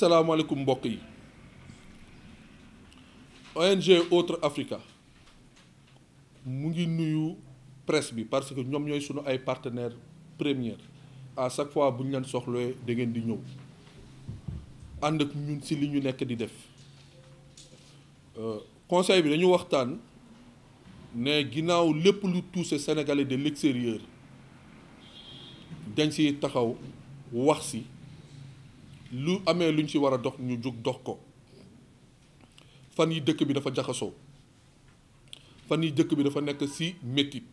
salaamaaleykum mbokk yi ONG Autre Africa mu ngi nuyu presse bi parce que ñoom ñooy sunu ay partenaires première à chaque fois buñ ñu leen soxlawee da ngeen di ñëw ànd ak ñun ci li ñu nekk di def euh, conseil bi dañu waxtaan ne ginnaaw lépp lu touché sénégalais de l'extérieur dañ si taxaw wax si lu amee luñ si war a dox ñu jug dox ko fan yi dëkk bi dafa jaxasoo fan yi dëkk bi dafa nekk si métit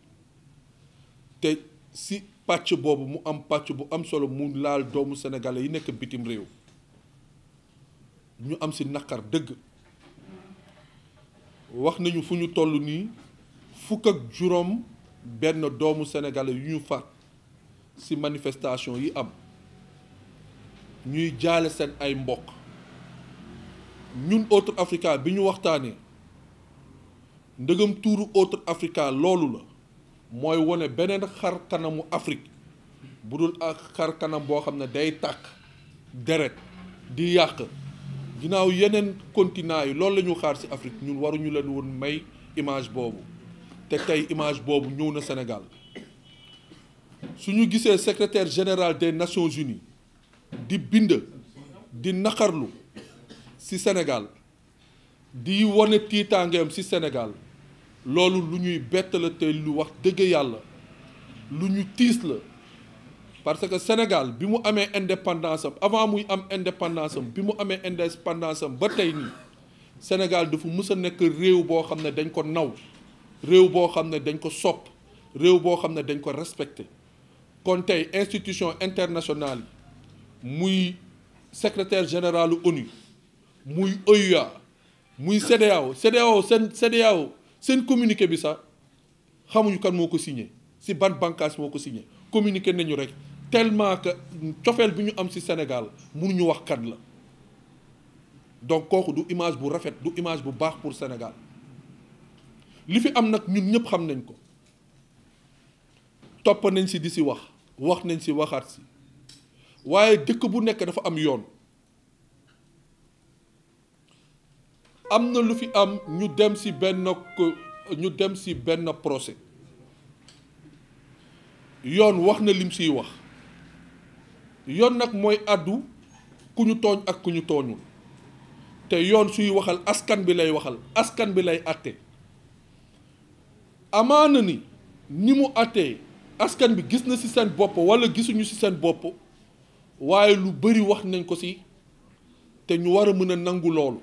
te si pàcc boobu mu am pàcc bu am solo mu laal doomu sénégalais yi nekk bitim réew ñu am si naqar dëgg wax nañu fu ñu toll nii fukk ak juróom benn doomu sénégalais yu ñu faat ci manifestation yi am ñuy jaale seen ay mbokk ñun Otra Africa bi ñu waxtaanee ndëgam tuuru Otra Africa loolu la mooy wane beneen xar kanamu Afrique bu dul ak xar kanam boo xam ne day takk deret di yàq ginnaaw yeneen continent yi loolu la ñu xaar ci Afrique ñun waruñu leen woon may image boobu te tey image boobu ñëw na senegal su ñu gisee secretaire général des Nations Unies di bind di naqarlu ci Sénégal di wane tiitaangeem ci Sénégal loolu lu ñuy bett la te lu wax dëgg yàlla lu ñu tiis la parce que Sénégal bi mu amee indépendance am avant muy am indépendance am bi mu amee indépendance am ba tey nii Sénégal dafa mës a nekk réew boo xam ne dañ ko naw réew boo xam ne dañ ko sopp réew boo xam ne dañ ko respecté kon tey institution internationale muy secrétaire général ONU muy OUA muy CEDEAO CEDEAO seen CEDEAO seen communiqué bi sax xamuñu kan moo ko signé si ban bànqaas moo ko signé communiqué nañu rek tellement que cofeel bi ñu am si Sénégal mënuñu wax kat la donc kooku du image bu rafet du image bu baax pour Sénégal li fi am nag ñun ñëpp xam nañ ko. topp nañ si di si wax wax nañ si waxaat si waaye dëkk bu nekk dafa am yoon am na lu fi am ñu dem si benn ñu dem si benn procès yoon wax na lim siy wax yoon nag mooy àddu ku ñu tooñ ak ku ñu tooñul te yoon suy waxal askan bi lay waxal askan bi lay àtte amaana ni ni mu àttee askan bi gis na ci seen bopp walla gisuñu ci seen bopp waaye lu bari wax nañ ko ci te ñu war a mën a nangu loolu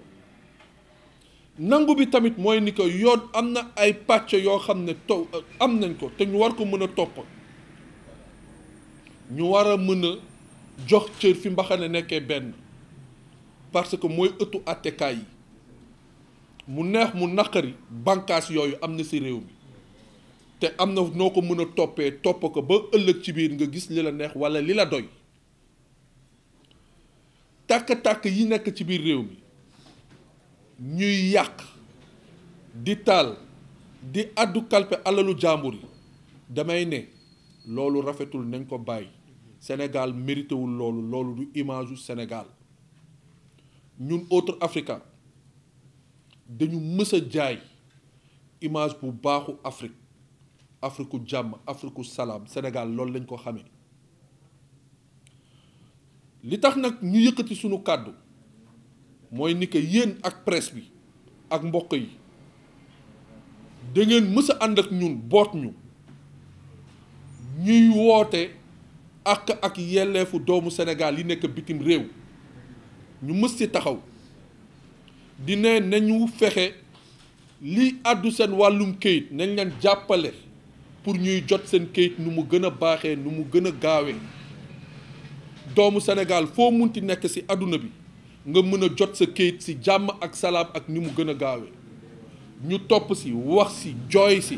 nangu bi tamit mooy ni ko yoon am na ay pàcc yoo xam ne to am nañ ko te ñu war ko mën a topp ñu war a mën a jox cër fi mbaxane nekkee benn parce que mooy ëttu àttekaay yi mu neex mu naqari banqaas yooyu am na si réew mi te am na noo ko mën a toppee topp ko ba ëllëg ci biir nga gis li la neex walla li la doy tàkk-tàkk yi nekk ci biir réew mi ñuy yàq di taal di àddu kalpe alalu jàmbur yi damay ne loolu rafetul nañ ko bàyyi senegal méritewul loolu loolu du image u Sénégal ñun autre Africa dañu mës a jaay image bu baaxu Afrique afriku jàmm afriku salaam Sénégal loolu lañ ko xamee li tax nag ñu yëkkati sunu kàddu mooy ni que yéen ak presse bi ak mbokk yi dangeen ngeen mës a ànd ak ñun boot ñu ñuy woote ak ak yelleefu doomu senegaal yi nekk bitim réew ñu mës ci taxaw di ne nañu fexe li àddu seen wàllum kayit nañ leen jàppale pour ñuy jot seen kayit nu mu gën a baaxee nu mu gën a gaawee doomu Sénégal foo munti nekk ci àdduna bi nga mën a jot sa kayit ci jàmm ak salaam ak ni mu gën a gaawee ñu topp ci wax ci jooy ci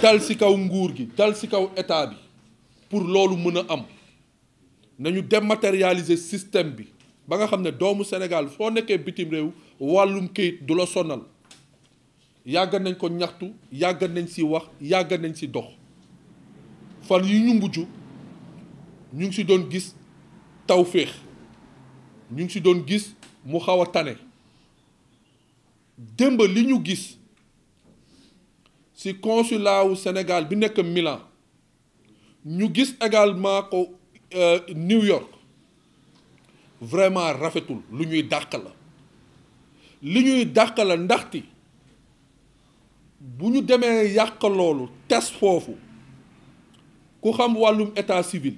dal ci kaw nguur gi dal ci kaw état bi pour loolu mën a am nañu dématérialiser système bi ba nga xam ne doomu Sénégal foo nekkee bitim réew wàllum kayit du la sonal yàgg nañ ko ñaxtu yàgg nañ si wax yàgg nañ si dox fan yi ñu mujj ñu ngi ci doon gis taw féex ñu ngi ci doon gis mu xaw a tane démb li ñu gis ci consulat wu bi nekk Milan ñu gis également ko euh, New York vraiment rafetul lu ñuy dàq la li ñuy dàq la ndaxte bu ñu demee yàq loolu tes foofu ku xam wàllum état civil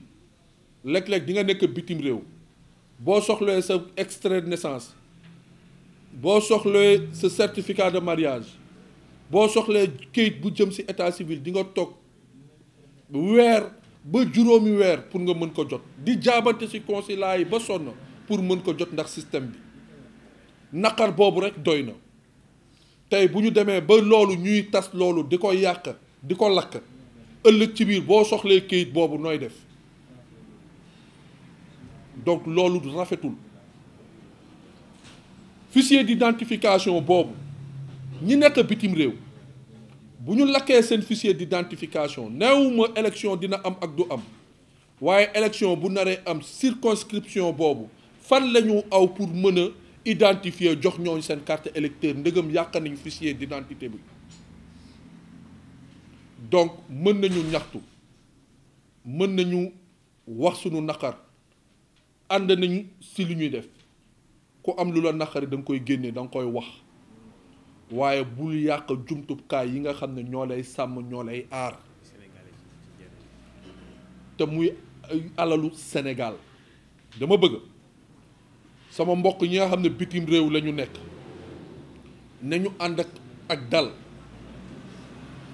léeg-léeg di nga nekk bitim réew boo soxlee sa extrait de naissance boo soxlee sa certificat de mariage boo soxlee kayit bu jëm ci état civil di nga toog weer ba juróomi weer pour nga mën ko jot di jaabante ci consulat yi ba sonn pour mën ko jot ndax système bi naqar boobu rek doy na tey bu ñu demee ba loolu ñuy tas loolu di ko yàq di ko lakk ëllëg ci biir boo soxlee kayit boobu nooy def donc loolu rafetul fichier d'identification boobu ñi nekk bitim réew bu ñu lakkee seen di d'identification neewuma élection dina am ak du am waaye élection bu naree am circonscription boobu fan lañu aw pour mën identifier jox ñooñu seen carte électeur ndëgëm yàqa nañu fichier d'identité bi donc mën nañu ñaxtu mën nañu wax sunu naqar ànd nañu si lu ñuy def ku am lu la naqari da koy génnee danga koy wax waaye bul yàq jumtukaay yi nga xam ne ñoo lay sàmm ñoo lay aar te muy alalu Sénégal dama bëgg sama mbokk ñi nga xam ne bitim réew la ñu nekk nañu ànd ak dal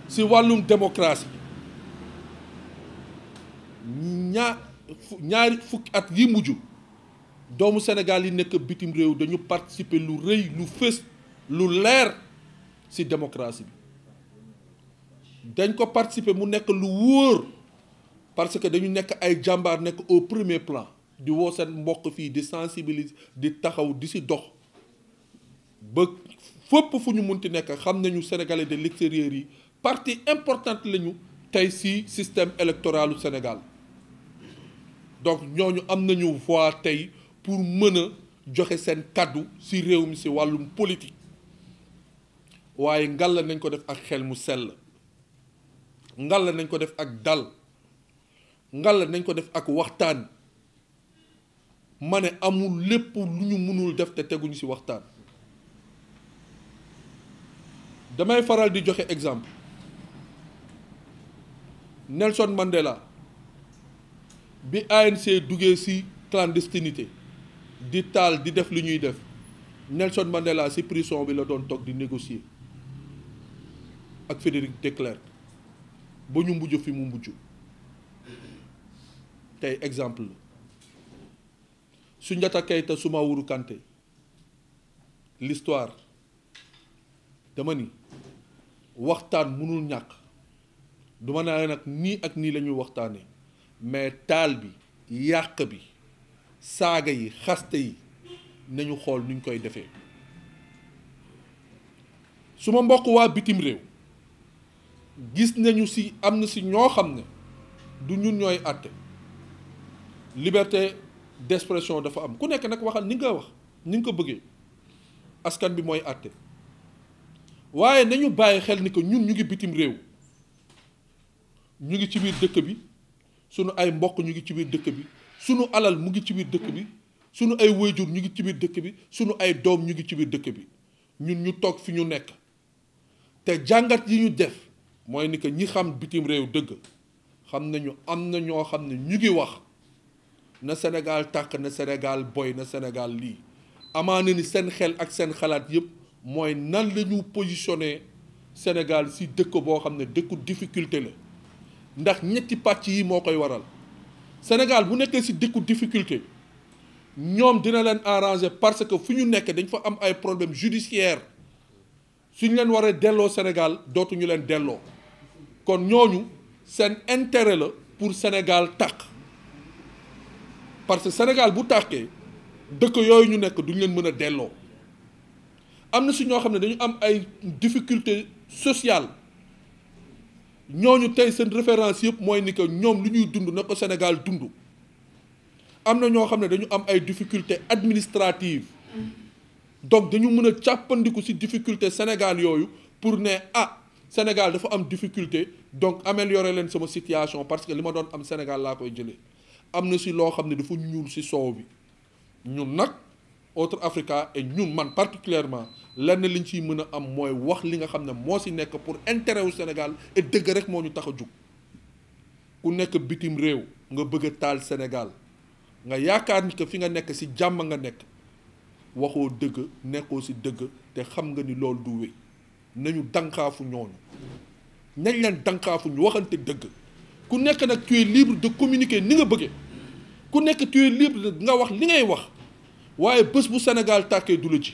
si wàllum démocratie ñaa ñaari fukki at yi mujj doomu Sénégal yi nekk bitim réew dañu participer lu rëy lu fës lu leer si démocratie bi dañ ko participer mu nekk lu wóor parce que dañu nekk ay jàmbaar nekk au premier plan di woo seen mbokk fii di sensibiliser di taxaw di si dox ba fépp fu ñu munti nekk xam nañu sénégalais de l'extérieur yi partie importante lañu tey si système électoralu Sénégal donc ñooñu am nañu voix tey pour mën a joxe seen kàddu si réew mi si wàllum politique waaye ngalla nañ ko def ak xel mu sell ngalla nañ ko def ak dal ngalla nañ ko def ak waxtaan ma ne amul lépp lu ñu mënul def te teguñu ci waxtaan damay faral di joxe exemple Nelson Mandela bi ANC duggee ci clandestinité di taal di def li ñuy def Nelson Mandela ci prison bi la doon toog di négocier ak Frédéric de Klerk ba ñu mujj fi mu mujj tey exemple la su Soundiata Keita suma Kanté l'histoire dama ni waxtaan mënul ñàkk duma ma naa nag nii ak nii lañuy waxtaane mais taal bi yàq bi saaga yi xaste yi nañu xool nuñ koy defee su ma mbokk waa bitim réew gis nañu si am na si ñoo xam ne du ñun ñooy àtte liberté d'expression dafa am ku nekk nag waxal ni nga wax ni nga ko bëggee askan bi mooy àtte waaye nañu bàyyi xel ni ko ñun ñu ngi bitim réew ñu ngi ci biir dëkk bi sunu ay mbokk ñu ngi ci biir dëkk bi sunu alal mu ngi ci biir dëkk bi sunu ay waajur ñu ngi ci biir dëkk bi sunu ay doom ñu ngi ci biir dëkk bi ñun ñu toog fi ñu nekk te jàngat yi ñu def mooy ni que ñi xam bitim réew dëgg xam nañu am na ñoo xam ne ñu ngi wax na Sénégal tàkk na Sénégal boy na Sénégal lii amaana ni seen xel ak seen xalaat yëpp mooy nan lañu ñu Sénégal si dëkk boo xam ne dëkku difficulté la ndax ñetti pàcc yi moo koy waral Sénégal bu nekkee si dëkku difficulté ñoom dina leen arranger parce que fu ñu nekk dañu fa am ay problème judiciaire suñ leen waree delloo Sénégal dootuñu leen delloo kon ñooñu seen intérêt la pour Sénégal tàkk parce que Sénégal bu tàkkee dëkk yooyu ñu nekk duñ leen mën a delloo am na si ñoo xam ne dañu am ay difficulté sociale ñooñu tey seen référence yëpp mooy ni que ñoom lu ñuy dund na ko Sénégal dund am na ñoo xam ne dañu am ay difficulté administrative donc dañu mën a càppandiku si difficulté Sénégal yooyu pour ne ah Sénégal dafa am difficulté donc améliorer leen sama situation parce que li ma doon am Sénégal laa koy jëlee am na si loo xam ne dafa ñuul si soow bi ñun nag Otra Africa et ñun man particulièrement lenn liñ ciy mën a am mooy wax li nga xam ne moo si nekk pour intérêt wu Sénégal et dëgg rek moo ñu tax a jug ku nekk bitim réew nga bëgg a taal Sénégal nga yaakaar ni que fi nga nekk si jàmm nga nekk waxoo dëgg nekkoo si dëgg te xam nga ni loolu du wéy nañu dànkaafu ñooñu nañ leen dànkaafu ñu waxante dëgg ku nekk nag tu es libre de communiquer ni nga bëggee. ku nekk tu es libre nga wax li ngay wax waaye bés bu Sénégal tàkkee du la ci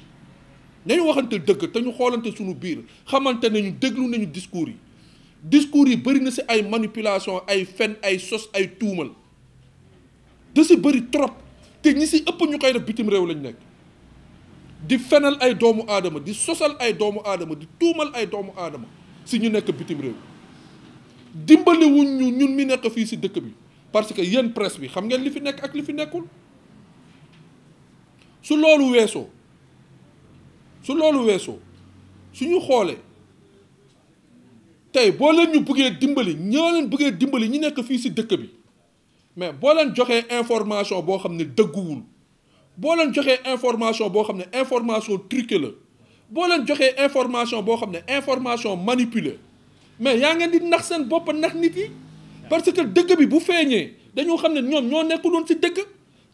nañu waxante dëkk te ñu xoolante suñu biir xamante na nañu déglu nañu discours yi discours yi bëri na si ay manipulation ay fen ay sos ay tuumal da si bëri trop te ñi si ëpp ñu koy def bitim réew lañu nekk di fenal ay doomu aadama di sosal ay doomu aadama di tuumal ay doomu aadama si ñu nekk bitim réew dimbaliwuñ ñu ñun mi nekk fii si dëkk bi parce que yéen presse bi xam ngeen li fi nekk ak li fi nekkul su loolu weesoo su loolu weesoo suñu xoolee tey boo leen ñu buggee dimbali ñoo leen bëggee dimbali ñi nekk fii si dëkk bi mais boo leen joxee information boo xam ne dëgguwul boo leen joxee information boo xam ne information truquée la boo leen joxee information boo xam ne information manipulée mais yaa ngeen di nax seen bopp nax nit yi parce que dëgg bi bu feeñee dañoo xam ne ñoom ñoo nekkul woon ci dëgg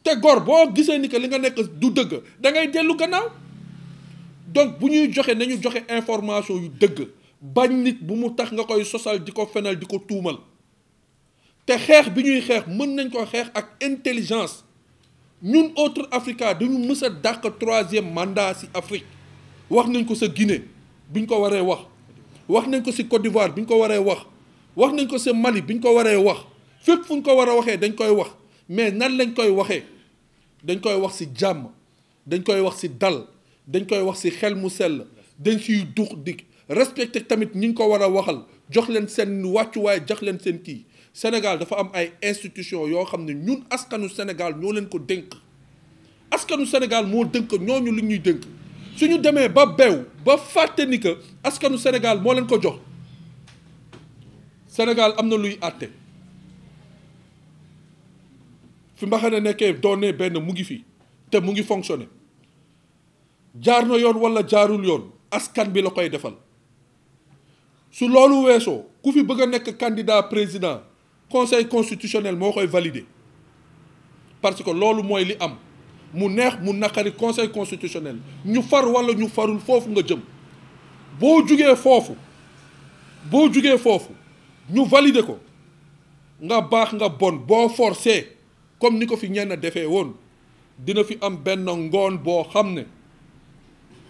te gor boo gisee ni que li nga nekk du dëgg da ngay dellu gannaaw donc bu ñuy joxe nañu joxe information yu dëgg bañ nit bu mu tax nga koy sosal di ko fenal di ko tuumal te xeex bi ñuy xeex mën nañ ko xeex ak intelligence ñun autre Africa dañu mës a dàq troisième mandat si Afrique wax nañ ko sa Guinée bi ñu ko waree wax wax nañ ko si Côte d'Ivoire bi ñu ko waree wax wax nañ ko sa Mali bi ñu ko waree wax fépp fu ñu ko war a waxee dañ koy wax mais nan lañ koy waxee dañ koy wax si jàmm dañ koy wax si dal dañ koy wax si xel mu sell dañ ciy dux di respecté tamit ñi ñu ko war a waxal jox leen seen wàccuwaay jox leen seen kii Sénégal dafa am ay institution yoo xam ne ñun askanu Sénégal ñoo leen ko dénk askanu Sénégal moo dënk ñooñu li ñuy dënk suñu demee ba beew ba fàtte ni que askanu Sénégal moo leen ko jox Sénégal am na luy àtte fi mbaxane xam ne nekkee doone benn mu ngi fi te mu ngi fonctionné jaar na yoon walla jaarul yoon askan bi la koy defal su loolu weesoo ku fi bëgg a nekk candidat président conseil constitutionnel moo koy validé parce que loolu mooy li am mu neex mu naqari conseil constitutionnel ñu far walla ñu farul foofu nga jëm boo jugee foofu boo jugee foofu ñu validé ko nga baax nga bon boo forcé comme ni ko fi ñenn defee woon dina fi am benn ngoon boo xam ne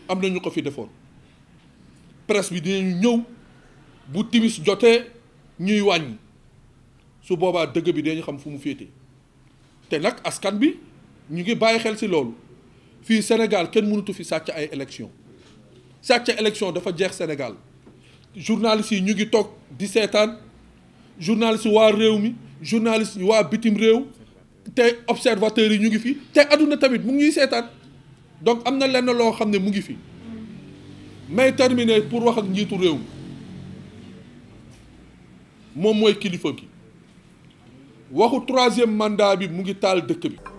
am na ñu ko fi defoon presque bi dinañu ñëw bu timis jotee ñuy wàññi su boobaa dëgg bi dañu xam fu mu féete te nag askan bi ñu ngi bàyyi xel ci loolu fii Sénégal kenn mënutu fi sàcc ay élection sàcc élection dafa jeex Sénégal journalistes si ñu ngi toog di seetaan journaliste waa réew mi journaliste waa bitim réew te observateurs yi ñu ngi fi te adduna tamit mu ngi seetaan donc am na lenn loo xam ne mu ngi fi may terminer pour wax ak njiitu réew mi moom mooy kilifa gi waxu troisième mandat bi mu ngi taal dëkk bi.